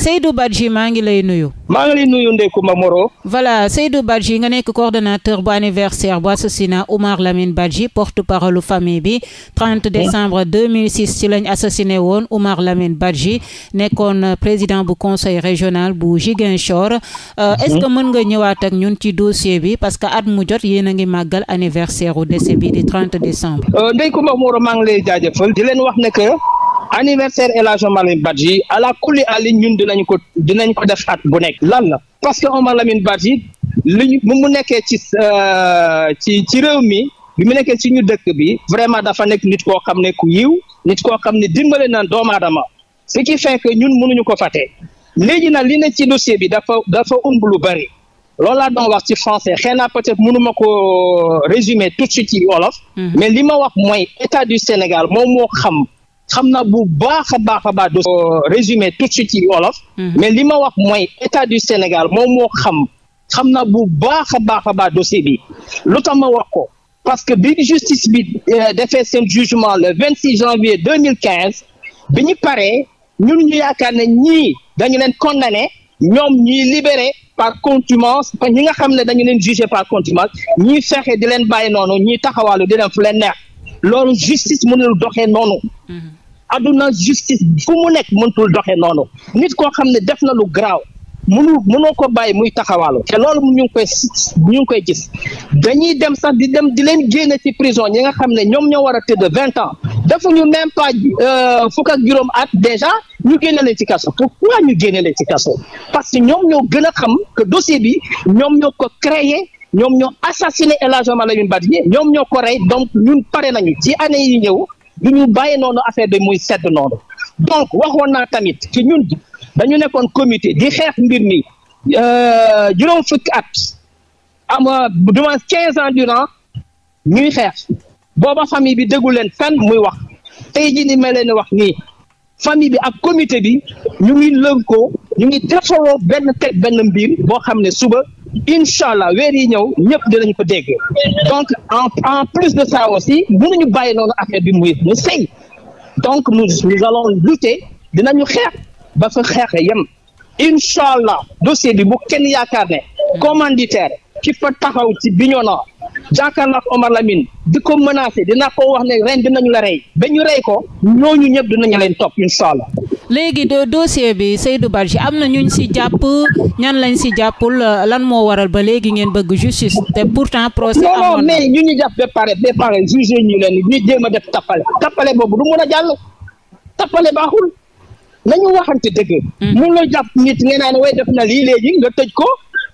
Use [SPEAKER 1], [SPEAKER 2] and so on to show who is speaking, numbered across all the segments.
[SPEAKER 1] Seydou Badji maa ngi lay nuyu. maa ngi lay nuyu Ndeye Comba Moreau. voilà Seydou Badji nga nekk coordonnateur bu anniversaire bu assassinat Oumar Lamine Badji porte-parole famille bi 30 décembre 2006 ci lañ assassiné woon Oumar Lamine Badji nekkoon euh, président bu conseil régional bu Ziguinchor. Euh, est-ce mhm. que mën nga ñëwaat ak ñun ci dossier bi parce que at mu jot yéen ngi màggal anniversaire u décès bi di 30 décembre.
[SPEAKER 2] Euh, Ndeye Comba Moreau maa ngi lay jaajëfal di leen wax ne anniversaire El Hadj Omar Lamine Badji ala kulli ali ñun dinañ ko dinañ ko def at bu nekk lan la parce que Omar Lamine Badji li mu nekkee ci euh, ci ci réew mi bi mu nekkee ci ñu dëkk bi vraiment dafa nekk nit koo xam ne ku yiw nit koo xam ne dimbale na doomu aadama ce qui fait que ñun mënuñu ko fàtte léegi nag li ne ci dossier bi dafa dafa ëmb lu bari loolu laa doon wax ci français xëy na peut-être mënuma ko résumer tout suite ci olof mm-hmm. mais li ma wax mooy état du Sénégal moom moo xam. xam naa bu baax a baax a baax. du résumé tout de suite ci mhm. mais li ma wax mooy état du Sénégal moom moo xam xam naa bu baax a baax a baax dossier bi lu tax ma wax ko parce que bi justice bi euh, defee sent jugement le 26 janvier 2015 bi ñu paree ñun ñu yaakaar ne ñii dañu leen condamné ñoom ñuy libéré par contumace ñi nga xam ne dañu leen jugé par contumace ñuy fexe di leen bàyyi noonu ñuy taxawaalu di leen fu leen neex loolu justice mënul doxee noonu. Mhm. àdduna justice fu mu nekk mëntul doxe noonu nit koo xam ne def na lu garaaw mënu mënoo ko bàyyi muy taxawaalu te loolu ñu ngi koy ñu ngi koy gis dañuy dem sax di dem di leen génne ci prison ñi nga xam ne ñoom ñoo war a tëdd vingt ans defuñu même pas euh, fukk ak juróom at déjà ñu génne leen ci kaso pourquoi ñu génne leen ci kaso parce que ñoom ñoo gën a xam que dossier bi ñoom ñoo ko créer ñoom ñoo assassiné El Hadj Oumar Lamine ñoom ñoo ko rey donc ñun pare nañu ci année yi ñëw. du ñu bàyyi noonu affaire bi muy sedd noonu donc waxoon naa tamit ci ñun dañu nekkoon comité di xeex mbir mi euh, juróom fukki at ama euh, durant quinze ans durant ñuy xeex booba famille bi déggu leen fenn muy wax tey jii ni ma leen wax nii famille bi ak comité bi ñu ngi lënkoo ñu ngi defaroo benn teg benn mbir boo xam ne suba incha allah weer yi ñëw ñëpp dinañ ko dégg donc en en plus de ça aussi mënuñu bàyyi noonu affaire bi mu muy mu sëy donc nous nous allons lutter dinañu xeex ba fa xeex yem incha allah dossier bi bu kenn yaakaar ne commanditaire ki fa taxaw ci Bignona jàkkaarloo Omar Lamine di ko menacé dina ko wax ne ren dinañu la rey ba ñu rey ko ñooñu ñëpp dinañu leen topp incha allah. léegi de dossier bi Seydou
[SPEAKER 1] Badji am na ñu si jàpp ñan lañ si jàppul lan moo waral ba léegi ngeen bëgg justice
[SPEAKER 2] te pourtant procès amoon na non mais ñu ñu jàpp ba pare ba pare jugé ñu leen ñu jéem a def tappale tappale boobu du mun a jàll tappale baaxul nañu waxante dëgg hmm. mun la jàpp nit nga naan way def na lii léegi nga tëj ko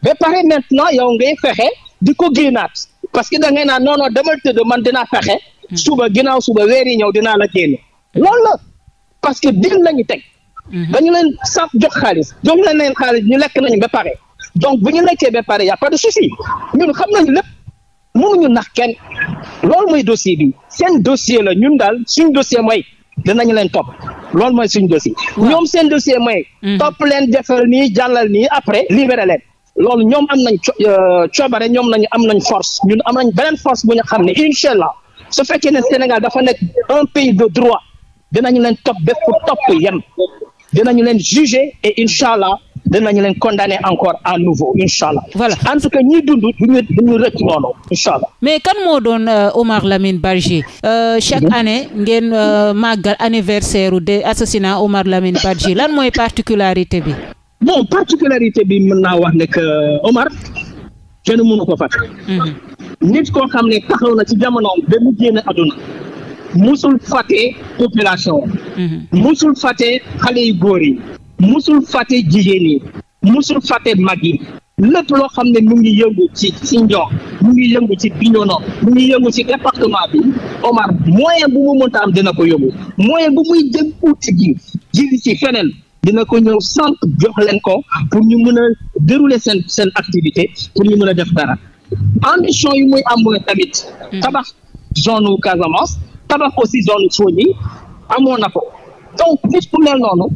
[SPEAKER 2] ba pare maintenant yow ngay fexe di ko génnaat parce que da ngay naan non demal tëdd man dinaa fexe. Hmm. suba ginnaaw suba weer yi ñëw dinaa la génne. loolu la parce que dil lañu teg. Hmm. dañu leen sax jox xaalis jox leen leen xaalis ñu lekk nañu ba pare. donc bu ñu lekkee ba pare y' a pas de souci ñun xam nañu lépp mënuñu nax kenn loolu mooy dossier bi seen dossier la ñun daal suñ dossier mooy dinañu leen topp loolu mooy suñ dossier. ñoom seen dossier mooy. Hmm. topp leen defal nii jàllal nii après libéré leen. loolu ñoom am nañ euh, coobare ñoom nañu am nañ force ñun am nañ beneen force bu ñu xam ne incha allah su fekkee ne Sénégal dafa nekk un pays de droit dinañu leen topp bépp topp yem dinañu leen juger et incha allah dinañu leen condamner encore à nouveau incha allah. voilà en tout cas du ñu du ñu rëcc noonu incha allah.
[SPEAKER 1] mais kan moo doon euh, Omar Lamine Badji. Euh, chaque mhm. année ngeen màggal anniversaire de assassinat Omar Lamine Badji lan mooy particularité bi.
[SPEAKER 2] bon particularité bi mën naa wax ne que Omar kenn mënu ko fàtte. Mhm. nit koo xam ne taxaw na ci jamono ba mu génn àdduna musul fàtte population. Mhm. musul fàtte xale yu góor yi. musul fàtte jigéen yi. musul fàtte mag yi. lépp loo xam ne mu ngi yëngu ci ci Ndiob mu ngi yëngu ci Bignona mu ngi yëngu ci département bi Omar moyen bu mu mënta am dina ko yóbbu moyen bu muy jël uti gi jëli ci feneen. dina ko ñëw sant jox leen ko pour ñu mën a dérouler seen seen activité pour ñu mën a def dara ambition yi muy am mooy tamit hmm. tabax zone u Casamance tabax aussi zone Fogni amoon na ko donc bis bu mel noonu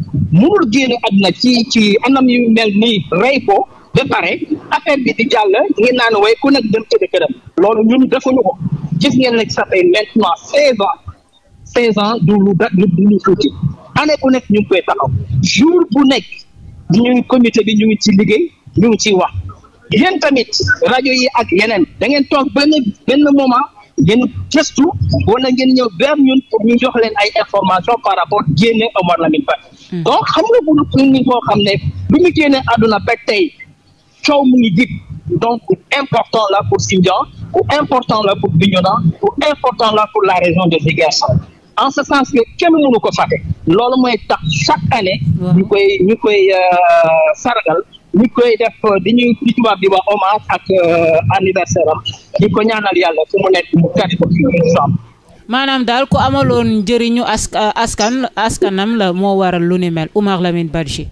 [SPEAKER 2] mënul génn àdduna ci ci anam yu mel nii rey ko ba pare affaire bi di jàll ngeen naan way ku nekk dem tëdd këram loolu ñun defuñu ko gis ngeen ne ça fait maintenant seize ans seize ans du lu da lu lu tuuti année bu nekk ñu ngi koy taxaw jour bu nekk ñu comité bi ñu ngi ci liggéey ñu ngi ciy wax yéen tamit rajo yi ak yeneen da ngeen toog benn benn moment ngeen gëstu wala ngeen ñëw benn ñun pour jox leen ay information par rapport génne Omar Lamine Ba hmm. donc xam nga bu ñu koo xam ne bu ñu génne àdduna ba tey coow mu ngi jib donc important la pour Sindian ou important la pour Bignona ou important là pour la région de Ziguinchor en ce sens que kenn mënu ko fàtte loolu mooy tax chaque année ñu koy ñu koy euh, sargal ñu koy def euh, di ñuy di di wax hommage ak euh, anniversaire am ko ñaanal yàlla fu
[SPEAKER 1] maanaam daal ko amaloon njëriñu ask askan askanam la moo waral lu ni mel Oumar Lamine Badji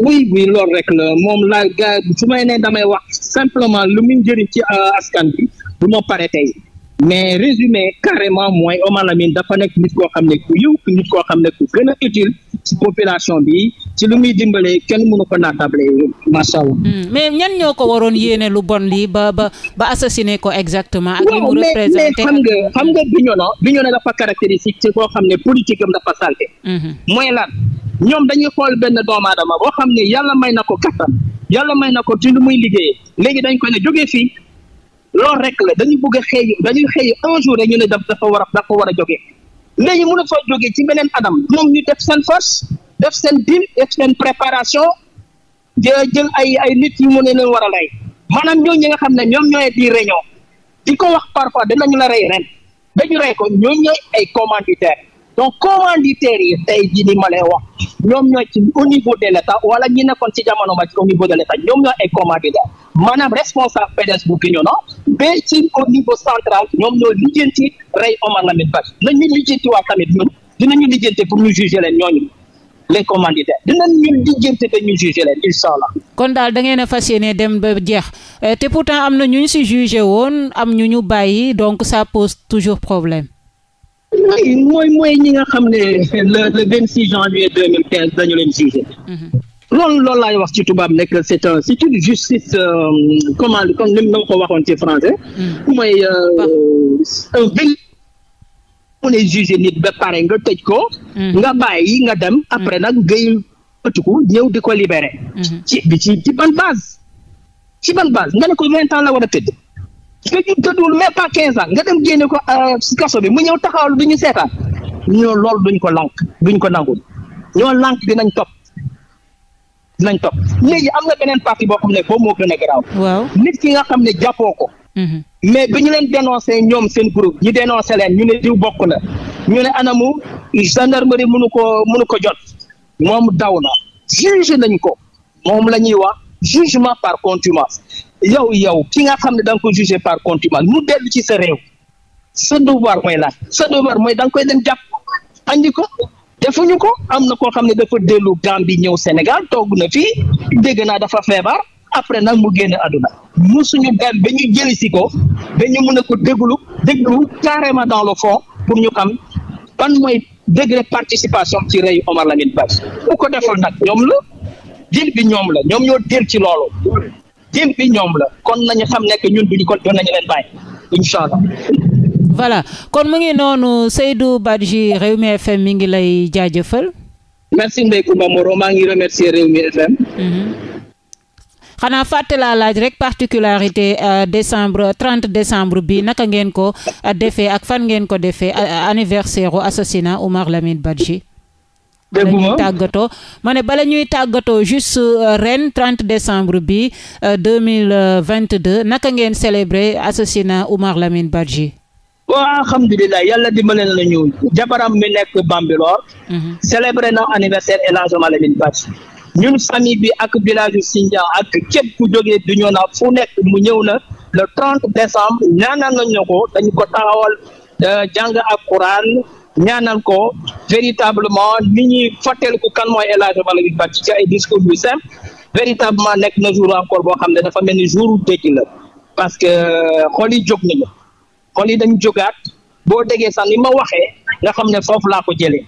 [SPEAKER 2] oui oui loolu rek la moom laa ga su may ne damay wax simplement lu muy njëriñ ci askan bi du ma pare tey mais résumé carrément mooy Omar Lamine dafa nekk nit koo xam ne ku yiw nit koo xam ne ku gën a utile bi ci lu muy dimbalee kenn mënu ko naatable macha allah. Hmm,
[SPEAKER 1] mais ñan ñoo ko waroon yéene lu bon lii ba ba ba
[SPEAKER 2] assassiné ko exactement. ak li mu représenté xam nga xam nga Bignona Bignona dafa caractéristique ci koo xam ne politique am dafa salté. Hmm. mooy lan ñoom dañuy xool benn doomu aadama boo xam ne yàlla may na ko kattan yalla may na ko ci muy liggéeyee léegi dañ ko ne jógee fii. loolu rek la dañu bëgg a xëy dañuy xëy un jour rek ñu ne dafa war a dafa war a jógee léegi mën a fa jógee ci beneen anam ñoom ñu def seen force def seen dil def seen préparation jël ay ay nit yu mu ne leen war a lay maanaam ñooñu ñi nga xam ne ñoom ñooy di réunion di ko wax parfois dinañu la rey ren dañu rey ko ñooñu ñooy ay commanditaire donc commanditaires yi tey jii ni ma lay wax ñoom ñoo ci au niveau de l' état wala ñi nekkoon ci jamono ma ci au niveau de l' état ñoom ñooy ay commanditaires maanaam responsable PDS bu Bignona ba ci au niveau central ñoom ñoo lijjanti rey Omar Lamine Badji nañu lijjanti waa tamit ñun dinañu lijjanti pour ñu juger leen ñooñu les commanditaires dinañu lijjanti ba ñu juger leen incha allah.
[SPEAKER 1] kon daal da ngeen a fas yéene dem ba jeex eh, te pourtant am na ñu ñu si jugé woon am ñu ñu bàyyi donc ça pose toujours problème.
[SPEAKER 2] ay mooy mooy ñi nga xam ne la le vingt six janvier deux mille quinze dañu leen jugé mm-hmm. loolu loolu laay wax ci tubaab nekk c'est un c'est une justice euh, comment comme ni ma ko waxoon ci français mm-hmm. ku mooy euh, un mu ne jugé nit ba pare nga tëj ko mm-hmm. nga bàyyi nga dem après nag ngay ëttuku ñëw di ko libéré ci bi ci ban base ci ban base nga ne ko vingt ans la war a tëdd nga ci tëddul même pas quinze ans nga dem génne ko euh, si kaso bi mu ñëw taxawal du ñu seetaan ñoo loolu duñ ko lànk duñ ko nangul ñoo lànk dinañ topp dinañ topp léegi am na beneen parti boo xam ne boo moo gën a garaaw nit ki nga xam ne jàppoo ko mhm. mais bi ñu leen dénoncé ñoom seen groupe ñu dénoncé leen ñu ne diw bokk na ñu ne anamu gendarmerie mënu ko mënu ko jot moom daw na juge nañ ko moom la ñuy wax jugement par contumace yow yow ki nga xam ne da nga ko jugé par contumace mu dellu ci sa réew sa devoir mooy laaj sa devoir mooy da nga koy dem jàpp andi ko ñu ko am na koo xam ne dafa dellu Gambie ñëw Sénégal toog na fii dégg naa dafa feebar après nag mu génn àdduna musuñu dem ba ñu jëli si ko ba ñu mën a ko déglu déglu carrément dans le fond pour ñu xam ban mooy degré participation ci reyu Omar Lamine Ba bu ko deful nag ñoom la dil bi ñoom la ñoom ñoo dil ci loolu team bi ñoom la kon nañu xam nekk ñun duñu kon doon nañu leen bàyyi incha allah.
[SPEAKER 1] voilà kon mu ngi noonu Seydou Badji Rewmi FM mi ngi lay jaajëfal.
[SPEAKER 2] merci Ndeye Comba Moreau maa ngi remercier Rewmi FM. Mhm.
[SPEAKER 1] xanaa fàtte laa laaj rek particularité euh, décembre trente décembre bi naka ngeen ko euh, defee ak fan ngeen ko defee euh, anniversaire u assassinat Oumar Lamine bala ñuy ma ne bala ñuy tàggatoo juste euh, ren 30 décembre bi 2022 euh, euh, naka ngeen célébrer assassinat Oumar Lamine Badji
[SPEAKER 2] waaw alhamdulilah yàlla dimbale na ñu jabaram mi nekk Bambilor mhm. célébré na anniversaire El Hadj Oumar Lamine Badji ñun famille bi ak village yu ak képp ku joge du ñëw na fu nekk mu ñëw na le 30 décembre ñaanal nañ ko dañ ko taxawal jàng ak Quran ñaanal ko véritablement nit ñi fàttaliku kan mooy El Hadji Malick Gakou ci ay discours yu simple véritablement nekk na jour encore boo xam ne dafa mel ni jour dëkki la parce que euh, xol yi jóg nañu xol yi dañ jógaat boo déggee sax ni ma waxee nga xam ne foofu laa ko jëlee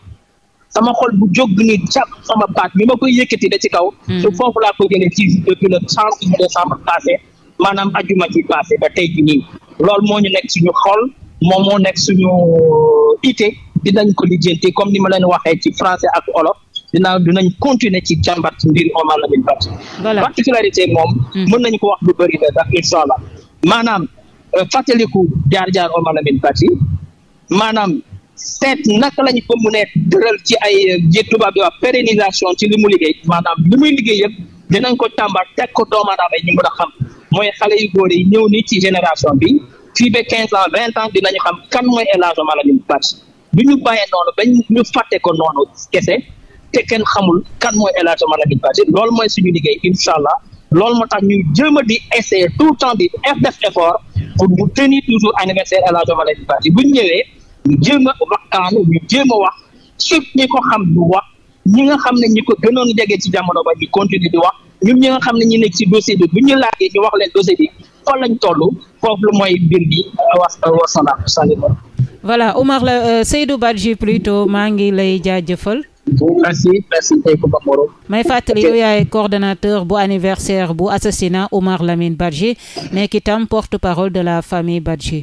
[SPEAKER 2] sama xol bu jóg ni jàpp sama baat bi ma koy yëkkati da ci kaw. Hmm. su foofu laa ko jëlee ci depuis le trente décembre passé maanaam ajuma ci passé ba tey jii nii loolu moo ñu nekk suñu xol moom moo nekk suñu euh, ité dinañ ko lijjanti comme ni ma leen waxee ci français ak olof dinaa dinañ continuer ci jàmbat mbir Omar Lamine Badji particularité moom hmm. mën nañ ko wax lu bëri la ndax incha allah maanaam euh, fàttaliku jaar-jaar Omar Lamine Badji maanaam teet naka lañu ko mu mënee dëral ci ay ji euh, tubaab bi wax pérennisation ci li mu liggéey maanaam li muy liggéey yëpp dinañ ko tàmbar teg ko doomu aadama yi ñu mën a xam mooy xale yu góor yi ñëw nii ci génération bi fii ba quinze ans vingt ans dinañu xam kan mooy El Hadj Omar Lamine bi ñu bàyyee noonu ba ñu fàtte ko noonu kese te kenn xamul kan mooy El Hadj Omar Lamine loolu mooy suñu liggéey incha allah loolu moo tax ñu jéem di essayer tout le temps di def effort pour mu tenir toujours anniversaire El Hadj Omar Lamine Badji bu ñu ñëwee ñu jéem a waxtaan ñu jéem wax suuf ñi ko xam ñu wax ñi nga xam ne ñi ko gënoon jege ci jamono ba ñu continuer di wax ñun ñi nga xam ne ñi nekk ci dossier bi bu ñu laajee ñu wax leen dossier bi fan lañ toll foofu lu mooy mbir bi euh, wasalaam. Euh,
[SPEAKER 1] voilà Omar la euh, Seydou Badji plutôt maa ngi lay jaajëfal.
[SPEAKER 2] merci merci may fàttali yow yaay
[SPEAKER 1] coordonnateur bu anniversaire bu assassinat Omar Lamine Badji nekk itam porte-parole de la famille Badji.